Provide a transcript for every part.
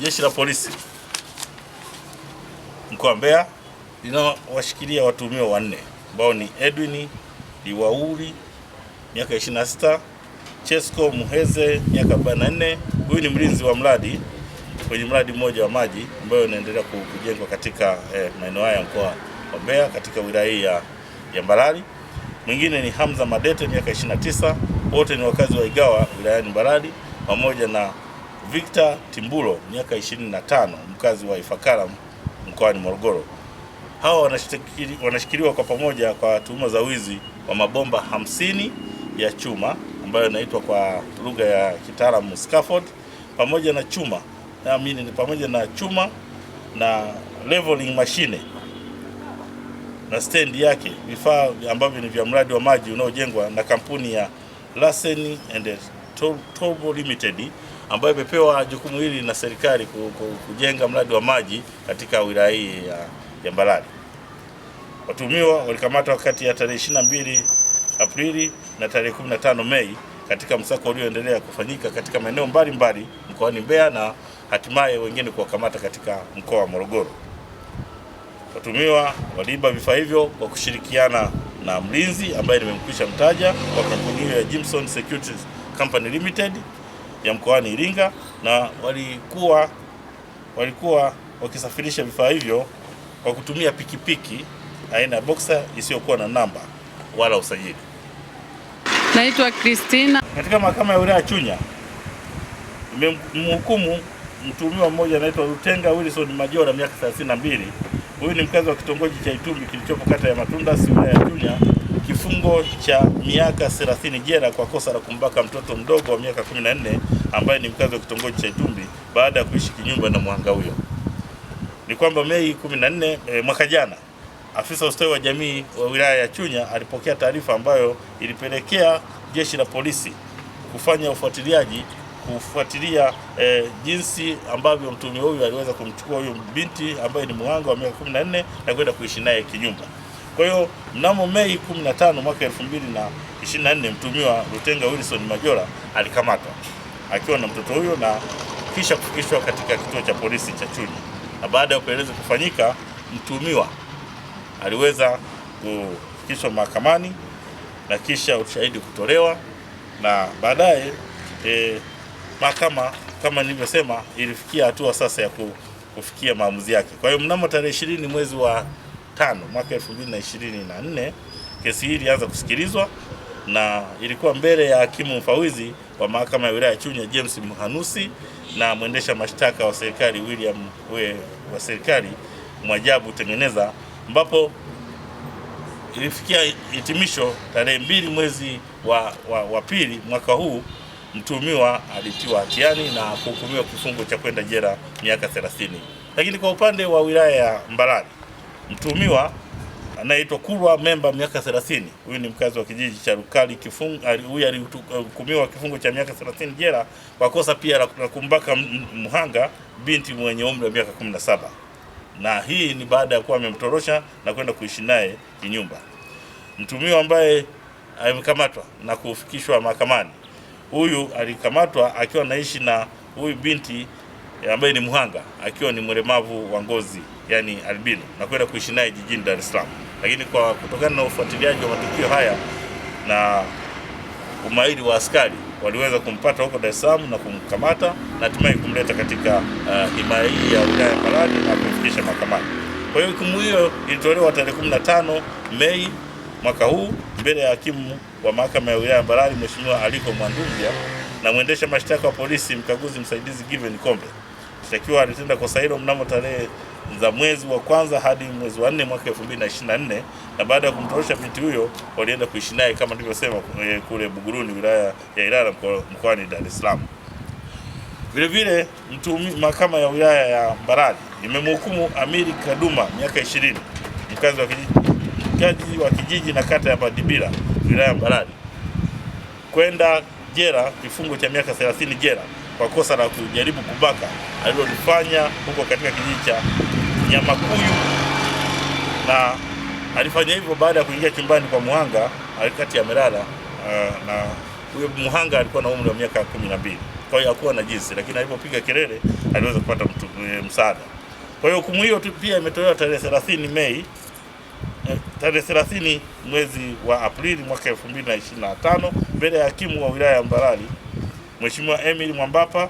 Jeshi la Polisi mkoa wa Mbeya linawashikilia watuhumiwa wanne ambao ni Edwin Liwauli miaka 26, Chesco Muheze miaka 44. Huyu ni mlinzi wa mradi kwenye mradi mmoja wa maji ambayo unaendelea kujengwa katika eh, maeneo haya mkoa wa Mbeya katika wilaya hii ya Mbarali. Mwingine ni Hamza Madete miaka 29. Wote ni wakazi wa Igawa wilayani Mbarali pamoja na Victor Timbulo miaka 25 mkazi wa Ifakara mkoani Morogoro. Hawa wanashikiliwa kwa pamoja kwa tuhuma za wizi wa mabomba hamsini ya chuma ambayo inaitwa kwa lugha ya kitaalamu scaffold, pamoja na chuma naamini ni pamoja na chuma na leveling mashine na stendi yake, vifaa ambavyo ni vya mradi wa maji unaojengwa na kampuni ya Larsen and Tobo Limited ambayo imepewa jukumu hili na serikali kujenga mradi wa maji katika wilaya hii ya, ya Mbarali. Watuhumiwa walikamatwa kati ya tarehe 22 Aprili na tarehe 15 Mei katika msako ulioendelea kufanyika katika maeneo mbalimbali mkoani Mbeya na hatimaye wengine kuwakamata katika mkoa wa Morogoro. Watuhumiwa waliiba vifaa hivyo kwa kushirikiana na mlinzi ambaye nimemkwisha mtaja kwa kampuni hiyo ya Jimson Securities Company Limited ya mkoani Iringa, na walikuwa walikuwa wakisafirisha vifaa hivyo kwa kutumia pikipiki aina ya boxer isiyokuwa na namba wala usajili. Naitwa Christina. Katika mahakama ya wilaya Chunya imemhukumu mtuhumiwa mmoja anaitwa Lutenga Wilson Majora miaka 32. Huyu ni mkazi wa kitongoji cha Itumbi kilichopo kata ya Matunda, wilaya ya Chunya kifungo cha miaka 30 jela kwa kosa la kumbaka mtoto mdogo wa miaka 14 ambaye ni mkazi wa kitongoji cha Itumbi baada ya kuishi kinyumba na mhanga huyo. Ni kwamba Mei 14 e, eh, mwaka jana afisa ustawi wa jamii wa wilaya ya Chunya alipokea taarifa ambayo ilipelekea jeshi la polisi kufanya ufuatiliaji kufuatilia eh, jinsi ambavyo mtumio huyu aliweza kumchukua huyo binti ambaye ni mhanga wa miaka 14 na kwenda kuishi naye kinyumba. Kwa hiyo mnamo Mei 15 mwaka 2024 mtumiwa Lutenga Wilson Majora alikamatwa akiwa na mtoto huyo na kisha kufikishwa katika kituo cha polisi cha Chunya, na baada ya upelelezi kufanyika, mtumiwa aliweza kufikishwa mahakamani na kisha ushahidi kutolewa na baadaye eh, mahakama kama nilivyosema ilifikia hatua sasa ya kufikia maamuzi yake. Kwa hiyo mnamo tarehe ishirini mwezi wa tano mwaka nne kesi hii ilianza kusikilizwa na ilikuwa mbele ya hakimu mfawizi wa mahakama ya wilaya ya Chunya James Mhanusi na mwendesha mashtaka wa serikali William we, wa serikali Mwajabu Tengeneza, ambapo ilifikia hitimisho tarehe mbili mwezi wa, wa, wa pili mwaka huu. Mtuhumiwa alitiwa hatiani na kuhukumiwa kifungo cha kwenda jela miaka 30. Lakini kwa upande wa wilaya ya Mbarali mtumiwa anaitwa Kulwa Memba, miaka 30, huyu ni mkazi wa kijiji cha Rukali kifungo. Huyu alihukumiwa kifungo cha miaka 30 jela kwa kosa pia la kumbaka mhanga binti mwenye umri wa miaka 17, na hii ni baada ya kuwa amemtorosha na kwenda kuishi naye kinyumba. Mtumiwa ambaye amekamatwa na kufikishwa mahakamani, huyu alikamatwa akiwa anaishi na huyu binti ambaye ni mhanga, akiwa ni mlemavu wa ngozi yani albino na kwenda kuishi naye jijini Dar es Salaam. Lakini kwa kutokana na ufuatiliaji wa matukio haya na umahiri wa askari waliweza kumpata huko Dar es Salaam na kumkamata na hatimaye kumleta katika uh, himaya hii ya wilaya ya Mbarali na kumfikisha mahakamani. Kwa hiyo hukumu hiyo ilitolewa tarehe 15 Mei mwaka huu mbele ya hakimu wa mahakama ya wilaya ya Mbarali Mheshimiwa Aliko Mwandumbia na mwendesha mashtaka wa polisi mkaguzi msaidizi Given Kombe. Mshtakiwa alitenda kosa hilo mnamo tarehe za mwezi wa kwanza hadi mwezi wa nne mwaka 2024 na na baada ya kumtorosha binti huyo walienda kuishi naye kama nilivyosema eh, kule Buguruni wilaya ya Ilala mkoani Dar es Salaam. Vile Vilevile mahakama ya wilaya ya Mbarali imemhukumu Amiri Kaduma miaka 20 mkazi wa kijiji, wa kijiji na kata ya Badibira wilaya ya Mbarali kwenda jela kifungo cha miaka 30 jela kwa kosa la kujaribu kubaka alilolifanya huko katika kijiji cha mnyama na alifanya hivyo baada ya kuingia chumbani kwa muhanga alikati amelala, ah, na huyo muhanga alikuwa na umri wa miaka kumi na mbili. Kwa hiyo hakuwa na jinsi, lakini alipopiga kelele aliweza kupata eh, msaada. Kwa hiyo hukumu hiyo pia imetolewa tarehe 30 Mei eh, tarehe 30 mwezi wa Aprili mwaka 2025 mbele ya hakimu wa wilaya ya Mbarali Mheshimiwa Emil Mwambapa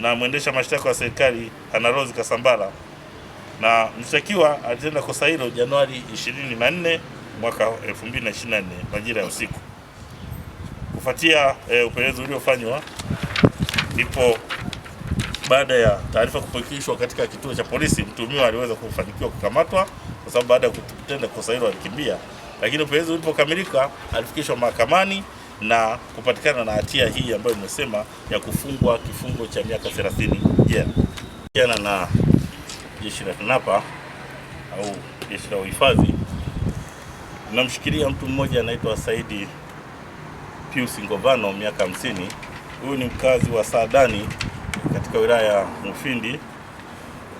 na mwendesha mashtaka wa serikali Ana Rose Kasambala na mshtakiwa alitenda kosa hilo Januari 24 mwaka 2024 majira ya usiku. Kufuatia e, upelelezi uliofanywa ndipo baada ya taarifa kupokelewa katika kituo cha polisi, mtuhumiwa aliweza kufanikiwa kukamatwa kwa sababu baada ya kutenda kosa hilo alikimbia, lakini upelelezi ulipokamilika alifikishwa mahakamani na kupatikana na hatia hii ambayo imesema ya kufungwa kifungo cha miaka 30 jela yeah. na jeshi la TANAPA au jeshi la uhifadhi, tunamshikilia mtu mmoja anaitwa Saidi Pius Ngovano miaka 50. Huyu ni mkazi wa Saadani katika wilaya ya Mufindi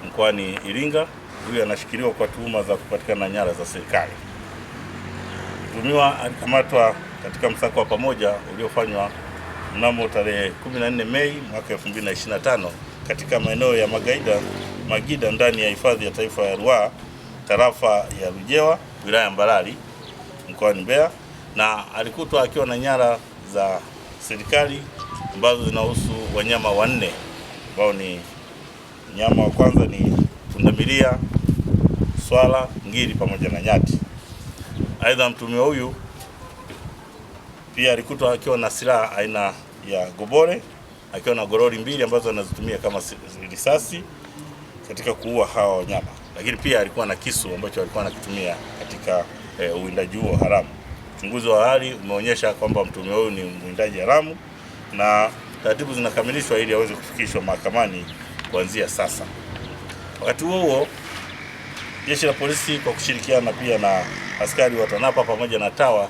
mkoani Iringa. Huyu anashikiliwa kwa tuhuma za kupatikana nyara za serikali. mtumiwa alikamatwa katika msako wa pamoja uliofanywa mnamo tarehe 14 Mei mwaka 2025 katika maeneo ya Magaida Magida ndani ya hifadhi ya taifa ya Ruaha tarafa ya Lujewa wilaya ya Mbarali mkoani Mbeya, na alikutwa akiwa na nyara za serikali ambazo zinahusu wanyama wanne ambao ni nyama wa kwanza ni pundamilia, swala, ngiri pamoja na nyati. Aidha, mtumio huyu pia alikutwa akiwa na silaha aina ya gobore akiwa na gorori mbili ambazo anazitumia kama risasi katika kuua hawa wanyama, lakini pia alikuwa na kisu ambacho alikuwa anakitumia katika e, uwindaji huo haramu. Uchunguzi wa awali umeonyesha kwamba mtuhumiwa huyu ni mwindaji haramu na taratibu zinakamilishwa ili aweze kufikishwa mahakamani kuanzia sasa. Wakati huo huo, jeshi la polisi kwa kushirikiana pia na askari wa TANAPA pamoja na TAWA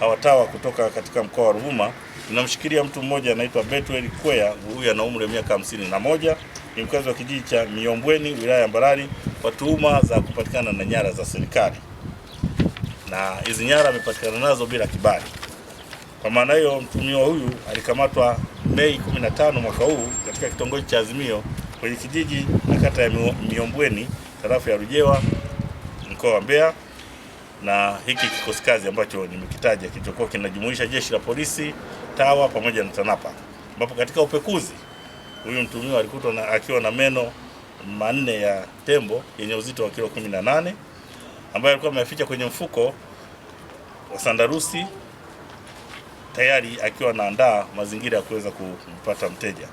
hawatawa kutoka katika mkoa wa Ruvuma tunamshikilia mtu mmoja anaitwa Betwell Kwea, huyu ana umri wa miaka hamsini na moja ni mkazi wa kijiji cha Miombweni wilaya ya Mbarali kwa tuhuma za kupatikana na nyara za serikali, na hizi nyara amepatikana nazo bila kibali. Kwa maana hiyo, mtumio huyu alikamatwa Mei 15 mwaka huu katika kitongoji cha Azimio kwenye kijiji na kata ya Miombweni tarafa ya Rujewa mkoa wa Mbeya na hiki kikosi kazi ambacho nimekitaja kilichokuwa kinajumuisha jeshi la polisi, TAWA pamoja na TANAPA ambapo katika upekuzi Huyu mtuhumiwa alikutwa akiwa na meno manne ya tembo yenye uzito wa kilo 18 ambayo alikuwa ameficha kwenye mfuko wa sandarusi tayari akiwa anaandaa mazingira ya kuweza kumpata mteja.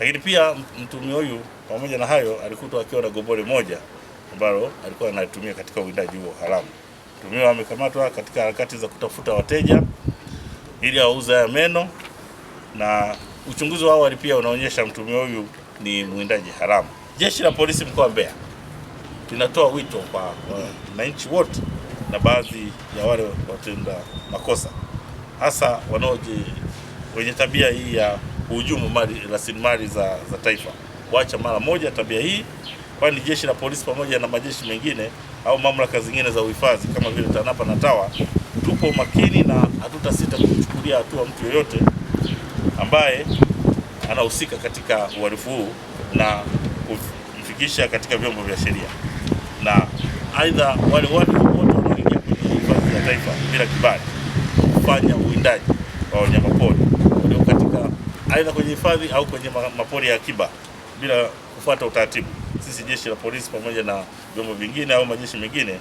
Lakini pia mtumio huyu pamoja na hayo alikutwa akiwa na gobole moja ambalo alikuwa analitumia katika uwindaji huo haramu. Mtumio amekamatwa katika harakati za kutafuta wateja ili auze haya meno na Uchunguzi wa awali pia unaonyesha mtuhumiwa huyu ni mwindaji haramu. Jeshi la Polisi mkoa wa Mbeya linatoa wito kwa wananchi wote na baadhi ya wale watenda makosa hasa wanaoje wenye tabia hii ya kuhujumu mali rasilimali za, za taifa kuacha mara moja tabia hii, kwani jeshi la polisi pamoja na majeshi mengine au mamlaka zingine za uhifadhi kama vile TANAPA na TAWA tupo makini na hatutasita kuchukulia hatua mtu yoyote ambaye anahusika katika uhalifu huu na kumfikisha katika vyombo vya sheria. Na aidha wale watu wote wanaoingia kwenye hifadhi ya taifa bila kibali kufanya uwindaji wa wanyamapori walio katika aidha kwenye hifadhi au kwenye mapori ya akiba bila kufuata utaratibu, sisi jeshi la polisi pamoja na vyombo vingine au majeshi mengine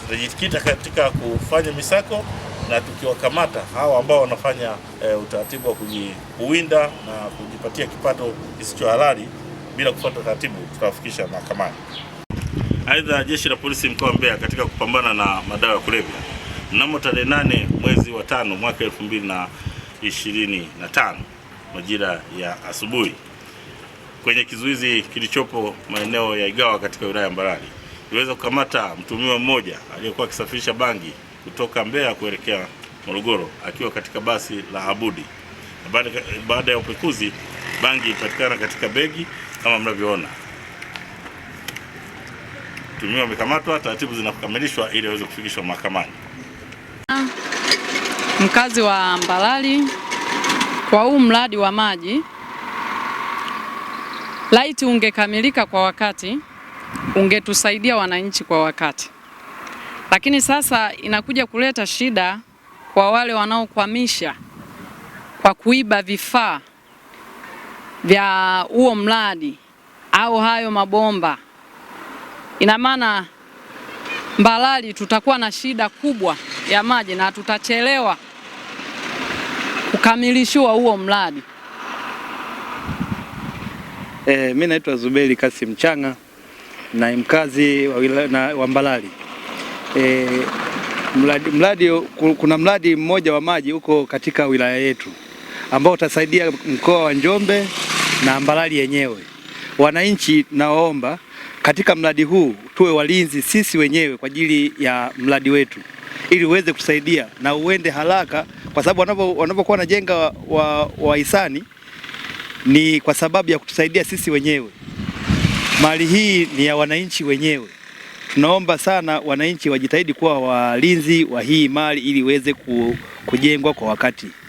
tutajikita katika kufanya misako na tukiwakamata hawa ambao wanafanya e, utaratibu wa kujiuwinda na kujipatia kipato kisicho halali bila kufuata taratibu tutawafikisha mahakamani. Aidha, jeshi la polisi mkoa wa Mbeya katika kupambana na madawa ya kulevya mnamo tarehe nane mwezi wa tano mwaka tano majira ya asubuhi kwenye kizuizi kilichopo maeneo ya Igawa katika wilaya ya Mbarali iliweza kukamata mtumiwa mmoja aliyekuwa akisafirisha bangi kutoka Mbeya kuelekea Morogoro akiwa katika basi la Abudi. Baada ya upekuzi, bangi ilipatikana katika begi kama mnavyoona. Mtuhumiwa amekamatwa, taratibu zinakamilishwa ili aweze kufikishwa mahakamani. Mkazi wa Mbalali, kwa huu mradi wa maji laiti ungekamilika kwa wakati ungetusaidia wananchi kwa wakati, lakini sasa inakuja kuleta shida kwa wale wanaokwamisha kwa kuiba vifaa vya huo mradi au hayo mabomba. Ina maana Mbalali tutakuwa na shida kubwa ya maji na tutachelewa kukamilishiwa huo mradi. Eh, mimi naitwa Zuberi Kasim Changa na mkazi wa Mbalali e, mradi, mradi, kuna mradi mmoja wa maji huko katika wilaya yetu ambao utasaidia mkoa wa Njombe na Mbarali yenyewe. Wananchi, nawaomba katika mradi huu tuwe walinzi sisi wenyewe kwa ajili ya mradi wetu ili uweze kutusaidia na uende haraka, kwa sababu wanapokuwa wanajenga wahisani wa ni kwa sababu ya kutusaidia sisi wenyewe. Mali hii ni ya wananchi wenyewe tunaomba sana wananchi wajitahidi kuwa walinzi wa hii mali ili iweze kujengwa kwa wakati.